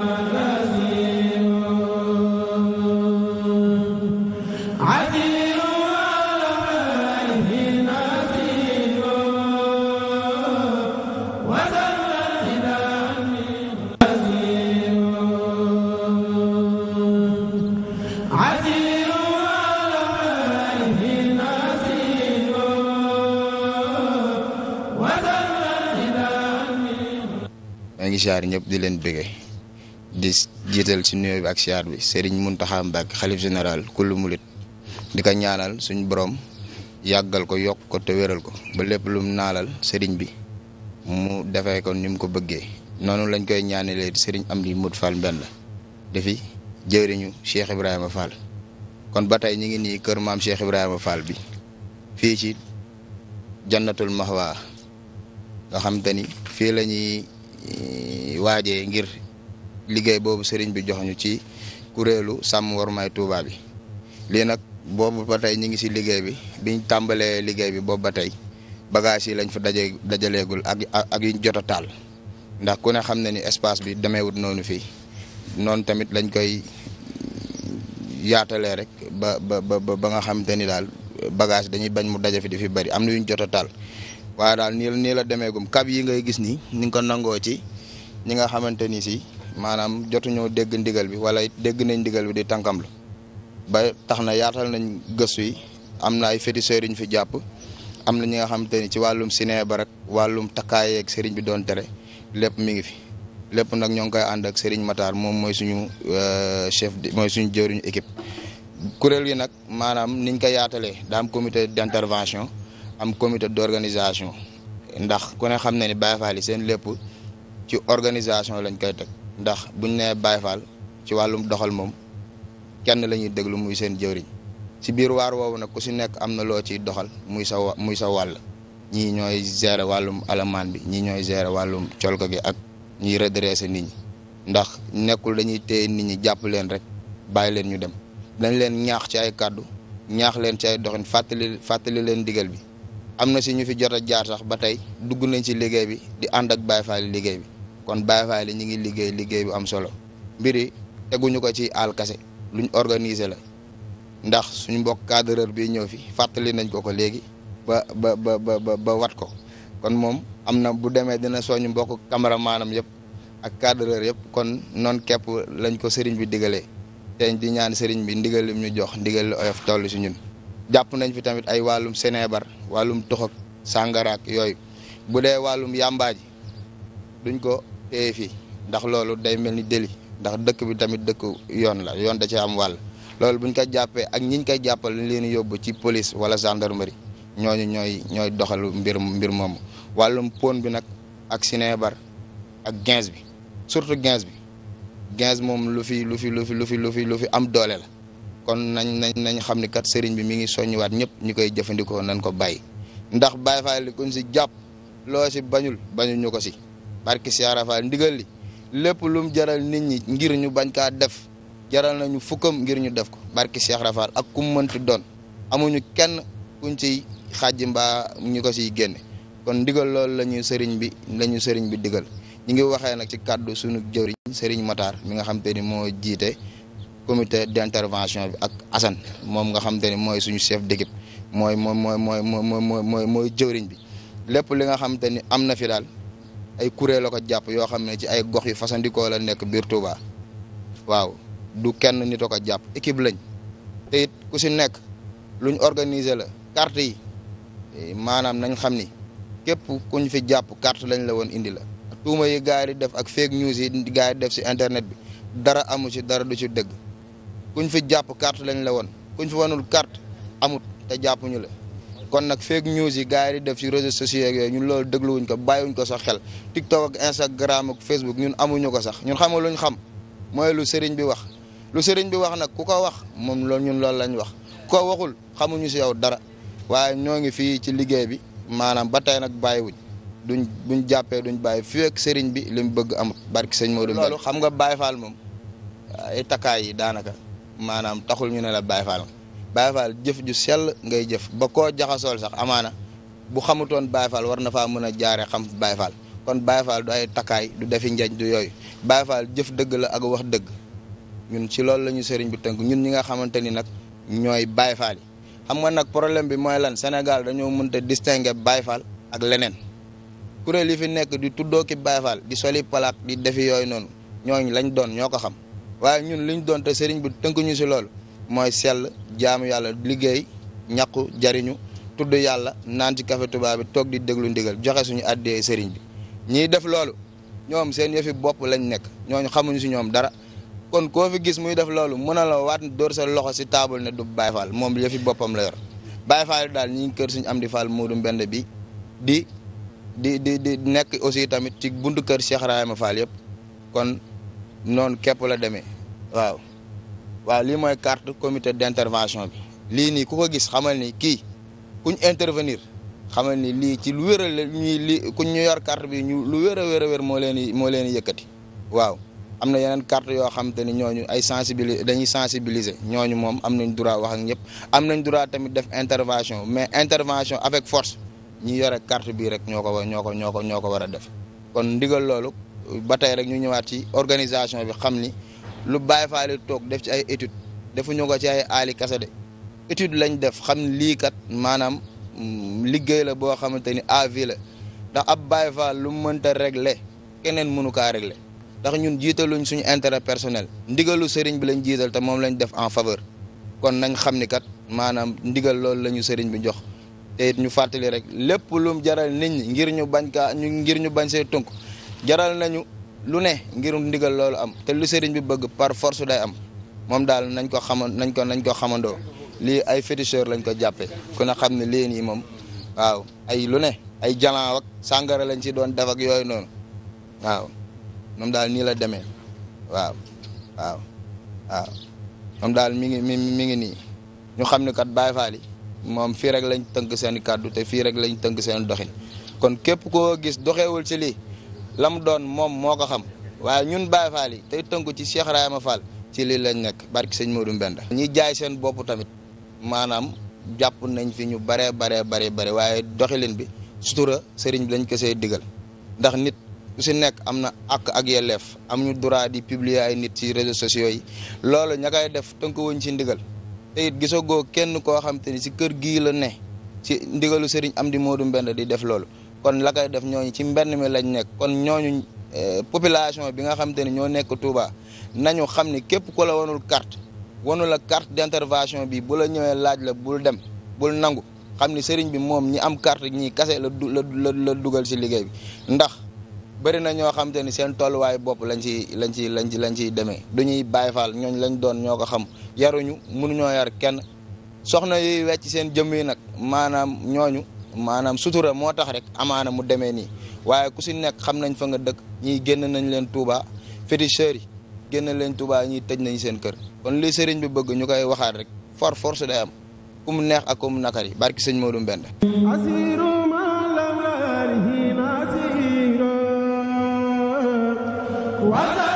maa ngi siyaar ñëpp di leen bëggee di jiital ci nuyoo bi ak siyaar bi Serigne Mountakha Mbacké xalif général kullu mulit di ko ñaanal suñ boroom yàggal ko yokk ko te ko ba lépp lum naalal sëriñ bi mu defee ko ni ko bëggee noonu lañ koy ñaanalee Serigne Amdi Mout Fall Mbène la defi jëriñu Cheikh Ibrahima Fall. kon ba tey ñu ngi nii kër maam Cheikh Ibrahima Fall bi fii ci jannatul mahwa nga xam ni fii la ñuy e, waajee ngir. liggéey boobu sëriñ bi jox ñu ci kuréelu sàmm warmaay Touba bi lii nag boobu ba tey ñu ngi si liggéey bi biñ tàmbalee liggéey bi boobu ba tey bagage yi lañ fa daje dajaleegul ak ak yuñ jot a taal ndax ku ne xam na ni espace bi demeewut noonu fii noonu tamit lañ koy yaatalee rek ba ba nga xamante ni daal bagage dañuy bañ mu daje fi fi bëri am na yuñ jot taal waaye daal nii nii la demeegum kab yi ngay gis nii ni nga ko nangoo ci ñi nga xamante ni si maanaam jotuñoo dégg ndigal bi wala dégg nañ ndigal bi di tànkamlu ba tax na yaatal nañ gëstu yi am na ay féticheurs yu fi jàpp am na ñi nga xam te ci wàllum ciné ba rek wàllum takkaay ak sëriñ bi doon tere lépp mi ngi fi lépp nag ñoo ngi koy ànd ak sëriñ Matar moom mooy suñu euh, chef mooy suñu jëriñu équipe. kuréel gi nag maanaam niñ ko yaatalee daa am comité d'intervention am comité d'organisation ndax ku xam na ni Baye Fall yi seen lépp ci organisation lañ koy teg. ndax buñ nee Baye ci wàllum doxal moom kenn la ñuy déglu muy seen jëwriñ si biir waar woowu nag ku si nekk am na loo ciy doxal muy sa muy sa wàll ñii ñooy gérer wàllum alamaan bi ñii ñooy gere wàllum colko gi ak ñuy redresser nit ñi ndax nekkul dañuy téye nit ñi jàpp leen rek bàyyi leen ñu dem dañ leen ñaax ci ay kàddu ñaax leen ci ay doxin fàttali fàttali leen digal bi am na si ñu fi jot a jaar sax ba tey dugg nañ ci liggéey bi di ànd ak Baye liggéey bi kon Baye Fall yi ñu ngi liggéey liggéey bu am solo mbir yi teguñu ko ci àll kase luñ organiser la ndax suñu mbokk cadreur bi ñëw fi fàttali nañ ko ko léegi ba ba ba ba wat ko kon moom am na bu demee dina sooñu mbokk caméramanam yëpp ak cadreur yëpp kon noon képp lañ ko sëriñ bi digalee teñ di ñaan sëriñ bi ndigal ñu jox ndigal li oyof tollu si ñun jàpp nañ fi tamit ay wàllum seneebar wàllum toxok sàngaraak yooyu bu dee wàllum yàmbaaji duñ ko téye fii ndax loolu day mel ni déli ndax dëkk bi tamit dëkk yoon la yoon da ci am wàll loolu buñ ko jàppee ak ñiñ koy jàppal leen yóbbu ci police wala gendarmerie ñooñu ñooy ñooy doxalu mbir mbir moomu wàllum pon bi nag ak sinébar ak gens bi surtout gens bi gens moom lu fi lu fi lu fi lu fi lu fi am doole la kon nañ nañ nañ xam ni kat sëriñ bi mi ngi soññiwaat ñëpp ñu koy jëfandikoo nañ ko bàyyi ndax bàyyi faay li kuñ si jàpp loo si bañul bañul ñu ko si barki Siyaara Faal ndigal li lépp lum jaral nit ñi ngir ñu bañ kaa def jaral nañu fukkam ngir ñu def ko barki Siyaara Faal ak ku mënti doon amuñu kenn kuñ ci xàjji mbaa ñu ko siy génne kon ndigal loolu la ñu sëriñ bi la ñu bi digal ñu ngi waxee nag ci kàddu suñu jëwriñ sëriñ Matar mi nga xam te ni moo jiite comité d'intervention bi ak Assane moom nga xam ni mooy suñu chef d'équipe mooy mooy mooy mooy mooy mooy mooy jëwriñ bi lépp li nga xam ni am na fi daal ay kuréel la ko jàpp yoo xam ne ci ay gox yu fasandikoo la nekk biir Touba waaw du kenn nit a jàpp équipe lañ te ku ci nekk luñ organiser la carte yi eh, maanaam nañ xam ni képp kuñ fi jàpp carte lañ la woon indi la tuuma yi gars yi def ak fake news yi gars yi def si internet bi dara amu ci dara du ci dëgg kuñ fi jàpp carte lañ la woon kuñ fi wanul carte amut te jàppuñu la kon nag fake news yi gars yi def ci réseaux sociaux yeeg ñun loolu dégluwuñ ko bàyyiwuñ ko sax xel TikTok ak Instagram ak Facebook ñun amuñu ko sax ñun xamul luñ xam mooy lu sëriñ bi wax lu sëriñ bi wax nag ku ko wax moom loolu ñun loolu lañ wax ko waxul xamuñu si yow dara waaye ñoo ngi fii ci liggéey bi maanaam ba tey nag bàyyiwuñ duñ buñ jàppee duñ bàyyi fii ak bi li mu bëgg amut barki sëñ Modou loolu xam nga Baye Fall moom ay takkaay yi daanaka maanaam taxul ñu ne la Baye Fall Baye Fall jëf ju sell ngay jëf ba koo jaxasool sax amaana bu xamutoon Baye Fall war na faa mën a jaare xam Baye Fall kon Baye Fall du ay takkaay du defi njañ du yooyu Baye jëf dëgg la ak wax dëgg ñun si loolu la sëriñ bu tënk ñun ñi nga xamante ni nag ñooy Baye Fall yi nag problème bi mooy lan Sénégal dañoo mënta distinguer Baye Fall ak leneen kuréel yi fi nekk di tuddoo ki Baye di soli palaak di defi yooyu noonu ñooñ lañ doon ñoo ko xam waaye ñun liñ doon te sëriñ bi tënk ñu si loolu mooy sell jaamu yàlla liggéey ñaqu jariñu tudd yàlla naan ci kafe Touba bi toog di déglu ndigal joxe suñu addee sëriñ bi ñiy def loolu ñoom seen yëfi bopp lañ nekk ñooñu xamuñu si ñoom dara kon koo fi gis muy def loolu mën a la waat door sa loxo si taabal ne du Baye Fall moom yëfi boppam la yor Baye Fall daal ñi ngi kër suñu Amdi Fall Moodu Mbend bi di di di di nekk aussi tamit ci buntu kër Cheikh Rahima Fall yëpp kon noonu képp la demee waaw waaw lii mooy carte comité d'intervention bi lii nii ku ko gis xamal ni kii kuñ intervenir xamal ni lii ci lu wér a ñuy li kuñ ñu yor carte bi ñu lu wér a wér a moo leen di moo leen di yëkkati waaw am na yeneen carte yoo xam te ni ñooñu ay sensibiliser dañuy sensibiliser ñooñu moom am nañ droit wax ak ñëpp am nañ droit tamit def intervention mais intervention avec force ñu yore carte bii rek ñoo ko war ñoo ko ñoo ko ñoo ko war a def kon ndigal loolu ba tey rek ñu ñëwaat ci organisation bi xam ni lu Baay Faal toog def ci ay étude defuñu ko ci ay aali kase de étude lañ def xam lii kat maanaam mm, liggéey la boo xamante ni avis la ndax ab Baay Faal lu mu mënta régler keneen mënu kaa régler ndax ñun jiitaluñ suñu intérêt personnel ndigalu sëriñ bi lañ jiital te moom lañ def en faveur kon nañ xam ni kat maanaam ndigal loolu la ñu sëriñ bi jox te it ñu fàttali rek lépp lum jaral nit ñi ngir ñu bañ kaa ngir ñu bañ see tënk jaral nañu. lu ne ngir ndigal loolu am te lu sëriñ bi bëgg par force day am moom daal nañ ko xama nañ ko nañ ko xamandoo lii ay féticheur lañ ko jàppe ku na xam ne léen yi moom waaw ay lu ne ay jalan ak sàngara lañ si doon def ak yooyu noonu waaw moom daal nii la demee waaw waaw waaw moom daal mi ngi mi mi ngi nii ñu xam ne kat Baye Fall yi moom fii rek lañ tënk seen i kàddu te fii rek lañ tënk seen doxin kon képp koo gis doxewul ci li lam doon moom moo ko xam waaye ñun Baye Fall yi tey tënku ci Cheikh Rahma Fall ci lii lañ nekk barki sëñ Modou mbend ñi jaay seen bopp tamit maanaam jàpp nañ fi ñu baree baree baree bare waaye doxalin bi sutura sëriñ bi lañ ko see digal ndax nit ku si nekk am na ak ak yelleef am ñu droit di publier ay nit ci réseaux sociaux yi loolu ña koy def tënk wuñ si ndigal te it gisagoo kenn koo xam te ni si kër gii la ne ci ndigalu sëriñ Amdi Modou Mbenda di def loolu. kon la def ñooñu ci mbenn mi lañ nekk kon ñooñu eh, population bi nga xam te ñoo nekk Touba nañu xam ni képp ku la wanul carte wanu la carte d'intervention bi bu la ñëwee laaj la bul dem bul nangu xam ni sëriñ bi moom ñi am carte ñi kase la la dugal si liggéey bi ndax bëri na ñoo xam ni seen tolluwaay bopp lañ ci lañ ci lañ ci lañ ciy demee du ñuy Baay Faal ñooñ lañ doon ñoo ko xam yaruñu mënuñoo yar kenn soxna yuy wecc seen jëm yi nag maanaam ñooñu maanaam sutura moo tax rek amaana mu demee nii waaye ku si nekk xam nañ fa nga dëkk ñi génn nañ leen Touba féticheurs yi génn leen Touba ñi tëj nañ seen kër kon li sëriñ bi bëgg ñu koy waxaat rek for force day am ku mu neex ak ku mu nakari barki sëñ Modou Mbende What?